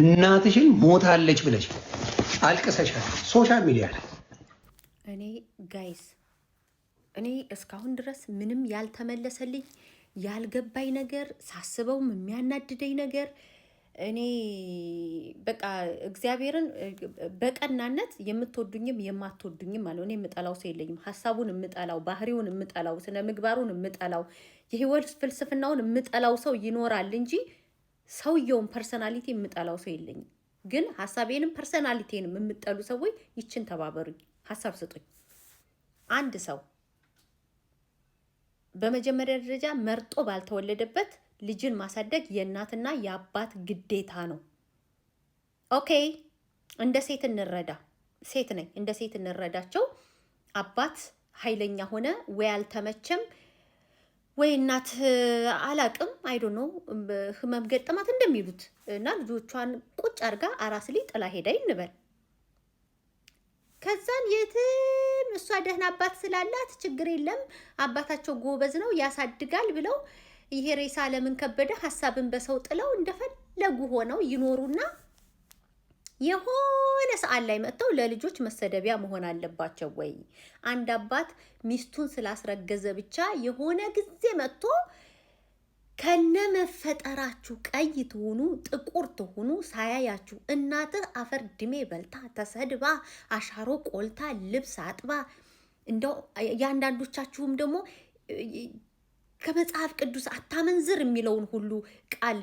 እናትሽን ሞታለች ብለሽ አልቅሰሻል ሶሻል ሚዲያ ላይ። እኔ ጋይስ እኔ እስካሁን ድረስ ምንም ያልተመለሰልኝ ያልገባኝ ነገር ሳስበውም የሚያናድደኝ ነገር እኔ በቃ እግዚአብሔርን በቀናነት የምትወዱኝም የማትወዱኝም አለ እኔ የምጠላው ሰው የለኝም። ሀሳቡን የምጠላው፣ ባህሪውን የምጠላው፣ ስነ ምግባሩን የምጠላው፣ የህይወት ፍልስፍናውን የምጠላው ሰው ይኖራል እንጂ ሰውየውን ፐርሰናሊቲ የምጠላው ሰው የለኝም፣ ግን ሀሳቤንም ፐርሰናሊቲንም የምጠሉ ሰዎች ይችን ተባበሩኝ፣ ሀሳብ ስጡኝ። አንድ ሰው በመጀመሪያ ደረጃ መርጦ ባልተወለደበት ልጅን ማሳደግ የእናትና የአባት ግዴታ ነው። ኦኬ፣ እንደ ሴት እንረዳ። ሴት ነኝ፣ እንደ ሴት እንረዳቸው። አባት ኃይለኛ ሆነ ወይ አልተመቸም ወይ እናት አላቅም አይዶ ነው ህመም ገጠማት እንደሚሉት እና ልጆቿን ቁጭ አድርጋ አራስ ልጅ ጥላ ሄዳ እንበል። ከዛን የትም እሷ ደህና አባት ስላላት ችግር የለም አባታቸው ጎበዝ ነው ያሳድጋል ብለው ይሄ ሬሳ ለምን ከበደ ሀሳብን በሰው ጥለው እንደፈለጉ ሆነው ይኖሩና የሆነ ሰዓት ላይ መጥተው ለልጆች መሰደቢያ መሆን አለባቸው ወይ? አንድ አባት ሚስቱን ስላስረገዘ ብቻ የሆነ ጊዜ መጥቶ ከነመፈጠራችሁ ቀይ ትሆኑ ጥቁር ትሆኑ ሳያያችሁ እናትህ አፈር ድሜ በልታ ተሰድባ አሻሮ ቆልታ ልብስ አጥባ እንደው የአንዳንዶቻችሁም ደግሞ ከመጽሐፍ ቅዱስ አታመንዝር የሚለውን ሁሉ ቃል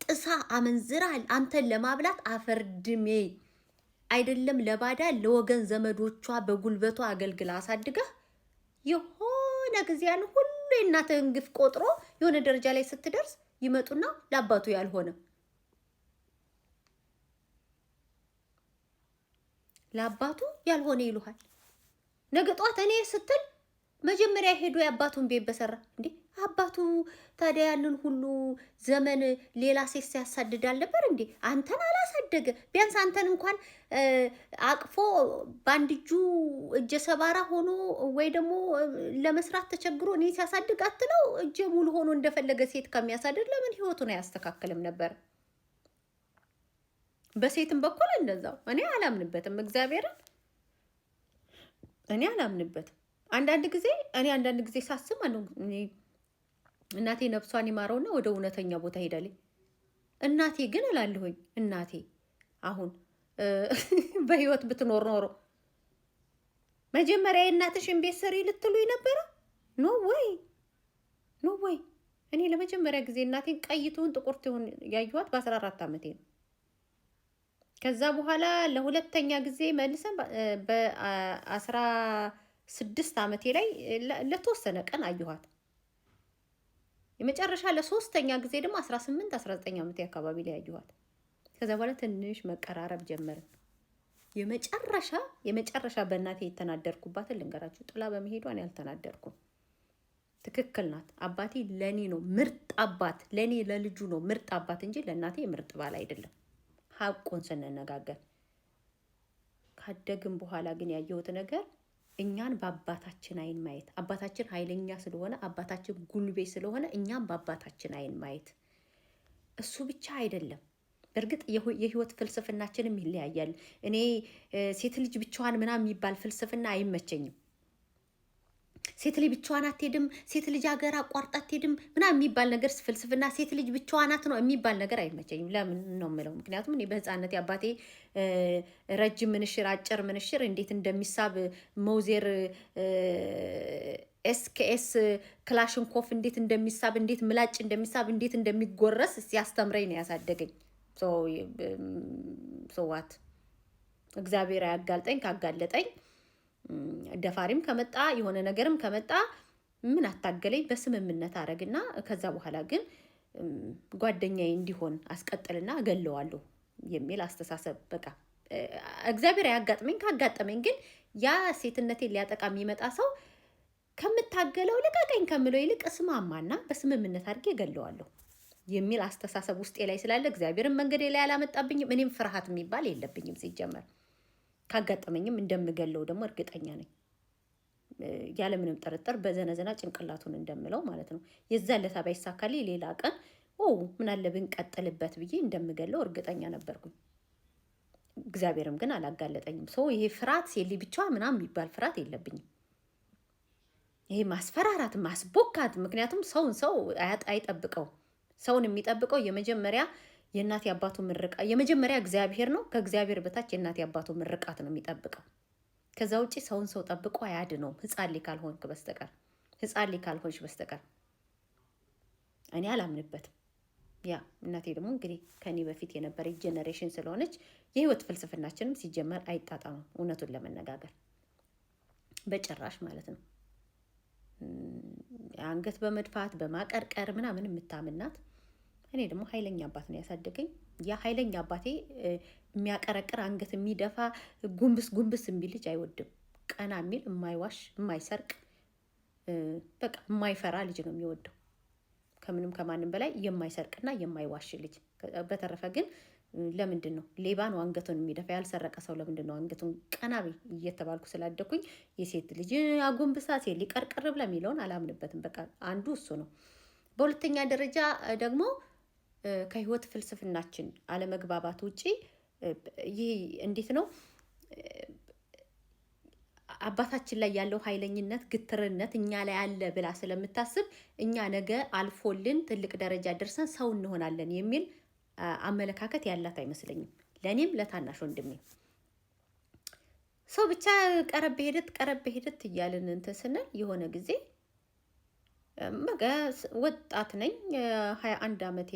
ጥሳ አመንዝራል አንተን ለማብላት አፈርድሜ አይደለም ለባዳ ለወገን ዘመዶቿ በጉልበቷ አገልግላ አሳድጋ የሆነ ጊዜ ያን ሁሉ የእናትህን ግፍ ቆጥሮ የሆነ ደረጃ ላይ ስትደርስ ይመጡና ለአባቱ ያልሆነ ለአባቱ ያልሆነ ይሉሃል። ነገ ጧት እኔ ስትል መጀመሪያ ሄዶ የአባቱን ቤት በሰራ እንዴ አባቱ ታዲያ ያንን ሁሉ ዘመን ሌላ ሴት ሲያሳድድ አልነበር እንዴ? አንተን አላሳደገ። ቢያንስ አንተን እንኳን አቅፎ በአንድ እጁ እጀ ሰባራ ሆኖ ወይ ደግሞ ለመስራት ተቸግሮ እኔ ሲያሳድግ አትለው እጀ ሙሉ ሆኖ እንደፈለገ ሴት ከሚያሳድድ ለምን ህይወቱን አያስተካክልም ነበር? በሴትም በኩል እንደዛው። እኔ አላምንበትም፣ እግዚአብሔርን እኔ አላምንበትም። አንዳንድ ጊዜ እኔ አንዳንድ ጊዜ ሳስብ እናቴ ነፍሷን ይማረውና ወደ እውነተኛ ቦታ ሄዳለች። እናቴ ግን እላለሁኝ እናቴ አሁን በህይወት ብትኖር ኖሮ መጀመሪያ የእናትሽን ቤት ስሪ ልትሉኝ ነበረ። ኖ ወይ ኖ ወይ። እኔ ለመጀመሪያ ጊዜ እናቴን ቀይ ትሁን ጥቁር ትሁን ያየኋት በአስራ አራት ዓመቴ ነው። ከዛ በኋላ ለሁለተኛ ጊዜ መልሰን በአስራ ስድስት ዓመቴ ላይ ለተወሰነ ቀን አየኋት። የመጨረሻ ለሶስተኛ ጊዜ ደግሞ 18 19 ዓመት አካባቢ ላይ ያየኋት። ከዛ በኋላ ትንሽ መቀራረብ ጀመርን። የመጨረሻ የመጨረሻ በእናቴ የተናደርኩባትን ልንገራችሁ። ጥላ በመሄዷን ያልተናደርኩም ትክክል ናት። አባቴ ለእኔ ነው ምርጥ አባት፣ ለእኔ ለልጁ ነው ምርጥ አባት እንጂ ለእናቴ ምርጥ ባል አይደለም። ሀቁን ስንነጋገር ካደግን በኋላ ግን ያየሁት ነገር እኛን በአባታችን አይን ማየት፣ አባታችን ኃይለኛ ስለሆነ አባታችን ጉልቤ ስለሆነ እኛን በአባታችን አይን ማየት። እሱ ብቻ አይደለም። እርግጥ የህይወት ፍልስፍናችንም ይለያያል። እኔ ሴት ልጅ ብቻዋን ምናምን የሚባል ፍልስፍና አይመቸኝም። ሴት ልጅ ብቻዋን አትሄድም፣ ሴት ልጅ ሀገር አቋርጣ አትሄድም ምናምን የሚባል ነገር ስፍልስፍና ሴት ልጅ ብቻዋናት ነው የሚባል ነገር አይመቸኝም። ለምን ነው የምለው? ምክንያቱም እኔ በህፃነት አባቴ ረጅም ምንሽር፣ አጭር ምንሽር እንዴት እንደሚሳብ መውዜር ኤስኬኤስ ክላሽንኮፍ እንዴት እንደሚሳብ እንዴት ምላጭ እንደሚሳብ እንዴት እንደሚጎረስ ሲያስተምረኝ ነው ያሳደገኝ። ሰዋት እግዚአብሔር አያጋልጠኝ ካጋለጠኝ ደፋሪም ከመጣ የሆነ ነገርም ከመጣ ምን አታገለኝ በስምምነት አረግና ከዛ በኋላ ግን ጓደኛዬ እንዲሆን አስቀጥልና እገለዋለሁ የሚል አስተሳሰብ በቃ እግዚአብሔር አያጋጥመኝ። ካጋጠመኝ ግን ያ ሴትነቴን ሊያጠቃ የሚመጣ ሰው ከምታገለው ልቀቀኝ ከምለው ይልቅ ስማማና በስምምነት አድርጌ እገለዋለሁ የሚል አስተሳሰብ ውስጤ ላይ ስላለ እግዚአብሔርን መንገዴ ላይ አላመጣብኝም። እኔም ፍርሃት የሚባል የለብኝም ሲጀመር ካጋጠመኝም እንደምገለው ደግሞ እርግጠኛ ነኝ። ያለምንም ጥርጥር በዘነዘና ጭንቅላቱን እንደምለው ማለት ነው። የዛ ለታ ባይሳካል ሌላ ቀን ኦ ምን አለ ብንቀጥልበት ብዬ እንደምገለው እርግጠኛ ነበርኩኝ። እግዚአብሔርም ግን አላጋለጠኝም። ሰው ይሄ ፍርሃት ሴሌ ብቻ ምናምን የሚባል ፍርሃት የለብኝም። ይሄ ማስፈራራት፣ ማስቦካት ምክንያቱም ሰውን ሰው አይጠብቀው ሰውን የሚጠብቀው የመጀመሪያ የእናት አባቱ ምርቃ የመጀመሪያ እግዚአብሔር ነው። ከእግዚአብሔር በታች የእናት አባቱ ምርቃት ነው የሚጠብቀው። ከዛ ውጭ ሰውን ሰው ጠብቆ አያድነውም። ህፃን ልጅ ካልሆንክ በስተቀር ህፃን ልጅ ካልሆንሽ በስተቀር እኔ አላምንበትም። ያ እናቴ ደግሞ እንግዲህ ከኔ በፊት የነበረ ጄኔሬሽን ስለሆነች የህይወት ፍልስፍናችንም ሲጀመር አይጣጣምም። እውነቱን ለመነጋገር በጭራሽ ማለት ነው። አንገት በመድፋት በማቀርቀር ምናምን የምታምናት እኔ ደግሞ ኃይለኛ አባት ነው ያሳደገኝ። ያ ኃይለኛ አባቴ የሚያቀረቅር አንገት የሚደፋ ጉንብስ ጉንብስ የሚል ልጅ አይወድም። ቀና የሚል የማይዋሽ፣ የማይሰርቅ በቃ የማይፈራ ልጅ ነው የሚወደው። ከምንም ከማንም በላይ የማይሰርቅና የማይዋሽ ልጅ። በተረፈ ግን ለምንድን ነው ሌባ ነው አንገቱን የሚደፋ? ያልሰረቀ ሰው ለምንድን ነው አንገቱን ቀና እየተባልኩ ስላደኩኝ የሴት ልጅ አጎንብሳ ሴት ሊቀርቅር ብላ የሚለውን አላምንበትም። በቃ አንዱ እሱ ነው። በሁለተኛ ደረጃ ደግሞ ከህይወት ፍልስፍናችን አለመግባባት ውጪ ይህ እንዴት ነው አባታችን ላይ ያለው ኃይለኝነት፣ ግትርነት እኛ ላይ አለ ብላ ስለምታስብ እኛ ነገ አልፎልን ትልቅ ደረጃ ደርሰን ሰው እንሆናለን የሚል አመለካከት ያላት አይመስለኝም። ለእኔም ለታናሽ ወንድሜ ሰው ብቻ ቀረብ ሄደት ቀረብ ሄደት እያልን እንትን ስንል የሆነ ጊዜ መገ ወጣት ነኝ። ሀያ አንድ አመቴ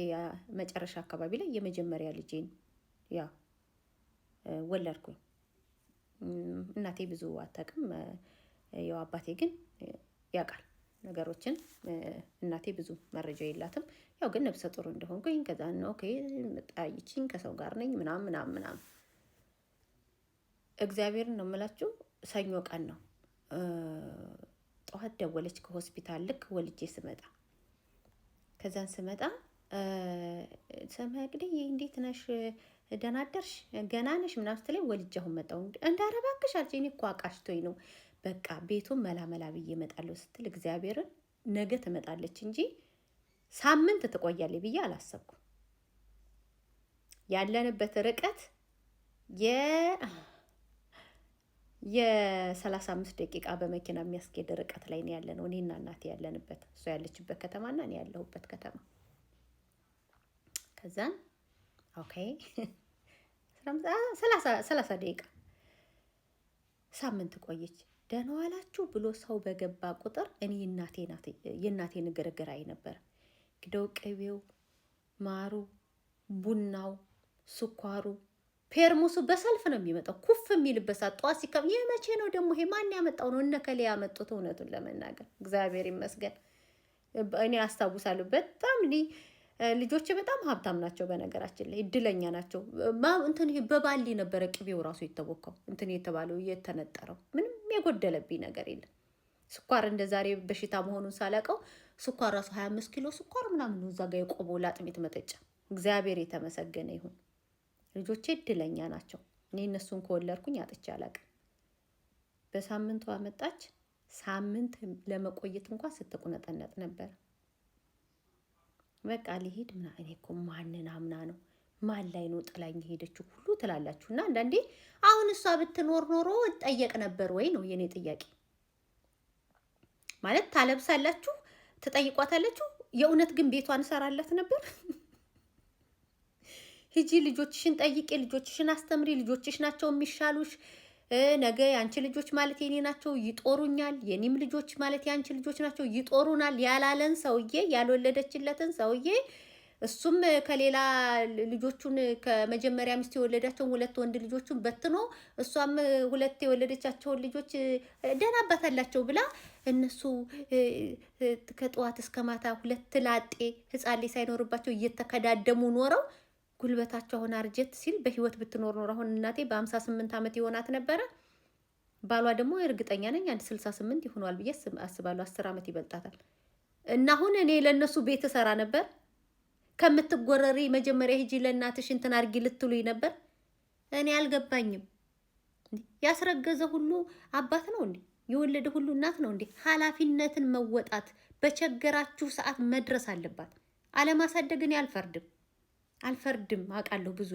መጨረሻ አካባቢ ላይ የመጀመሪያ ልጄን ያ ወለድኩኝ። እናቴ ብዙ አታውቅም፣ ያው አባቴ ግን ያውቃል ነገሮችን። እናቴ ብዙ መረጃ የላትም። ያው ግን ነብሰ ጡር እንደሆንኩኝ ከዛ ኦኬ ጣይችኝ ከሰው ጋር ነኝ ምናም ምናም ምናም። እግዚአብሔርን ነው የምላችሁ ሰኞ ቀን ነው ጠዋት ደወለች ከሆስፒታል ልክ ወልጄ ስመጣ። ከዛን ስመጣ ሰማያቅዴ እንዴት ነሽ? ደህና አደርሽ? ገና ነሽ? ምናምን ስትለኝ ወልጄ አሁን መጣሁ። እንዳረ እባክሽ አለች። እኔ እኮ አቃሽቶኝ ነው በቃ ቤቱን መላመላ ብዬ እመጣለሁ ስትል እግዚአብሔርን ነገ ትመጣለች እንጂ ሳምንት ትቆያለች ብዬ አላሰብኩም። ያለንበት ርቀት የ የ35 ደቂቃ በመኪና የሚያስኬድ ርቀት ላይ ነው ያለ ነው እኔና እናቴ ያለንበት እሷ ያለችበት ከተማና እኔ ያለሁበት ከተማ። ከዛን ኦኬ ሰላሳ ደቂቃ ሳምንት ቆየች። ደህና ዋላችሁ ብሎ ሰው በገባ ቁጥር እኔ የእናቴ ንግርግር አይ ነበር ግደው ቅቤው፣ ማሩ፣ ቡናው፣ ስኳሩ ፔርሙሱ በሰልፍ ነው የሚመጣው። ኩፍ የሚልበት ሰዓት ጠዋት ሲከም ይህ መቼ ነው ደግሞ? ይሄ ማን ያመጣው ነው? ከሌ ያመጡት። እውነቱን ለመናገር እግዚአብሔር ይመስገን እኔ አስታውሳለሁ። በጣም ልጆች በጣም ሀብታም ናቸው። በነገራችን ላይ እድለኛ ናቸው። እንትን ይሄ በባሊ ነበረ ቅቤው ራሱ የተቦካው እንትን የተባለው የተነጠረው፣ ምንም የጎደለብኝ ነገር የለም። ስኳር እንደ ዛሬ በሽታ መሆኑን ሳላውቀው ስኳር ራሱ ሀያ አምስት ኪሎ ስኳር ምናምን እዛ ጋ የቆመው መጠጫ። እግዚአብሔር የተመሰገነ ይሁን። ልጆቼ እድለኛ ናቸው። እኔ እነሱን ከወለድኩኝ አጥቼ አላቅም። በሳምንቱ አመጣች። ሳምንት ለመቆየት እንኳን ስትቁነጠነጥ ነበር። በቃ ሊሄድ ምና እኔ እኮ ማንን አምና ነው ማን ላይ ነው ጥላኝ የሄደችው ሁሉ ትላላችሁ። እና አንዳንዴ አሁን እሷ ብትኖር ኖሮ እጠየቅ ነበር ወይ ነው የእኔ ጥያቄ። ማለት ታለብሳላችሁ፣ ትጠይቋታላችሁ። የእውነት ግን ቤቷን ሰራላት ነበር። ሂጂ ልጆችሽን ጠይቄ ልጆችሽን አስተምሪ። ልጆችሽ ናቸው የሚሻሉሽ። ነገ የአንቺ ልጆች ማለት የኔ ናቸው ይጦሩኛል፣ የኔም ልጆች ማለት የአንቺ ልጆች ናቸው ይጦሩናል ያላለን ሰውዬ ያልወለደችለትን ሰውዬ እሱም ከሌላ ልጆቹን ከመጀመሪያ ሚስት የወለዳቸውን ሁለት ወንድ ልጆቹን በትኖ እሷም ሁለት የወለደቻቸውን ልጆች ደህና አባት አላቸው ብላ እነሱ ከጠዋት እስከ ማታ ሁለት ላጤ ሕፃን ሳይኖርባቸው እየተከዳደሙ ኖረው ጉልበታቸው አሁን አርጀት ሲል በህይወት ብትኖር ኖር አሁን እናቴ በአምሳ ስምንት ዓመት የሆናት ነበረ። ባሏ ደግሞ እርግጠኛ ነኝ አንድ ስልሳ ስምንት ይሆኗል ብዬ አስባለሁ። አስር ዓመት ይበልጣታል። እና አሁን እኔ ለእነሱ ቤት እሰራ ነበር። ከምትጎረሪ መጀመሪያ ሂጂ ለእናትሽ እንትን አርጊ ልትሉኝ ነበር። እኔ አልገባኝም። ያስረገዘ ሁሉ አባት ነው እንዴ? የወለደ ሁሉ እናት ነው እንዴ? ኃላፊነትን መወጣት በቸገራችሁ ሰዓት መድረስ አለባት። አለማሳደግ ያልፈርድም። አልፈርድም። አልፈርድም። አውቃለሁ ብዙ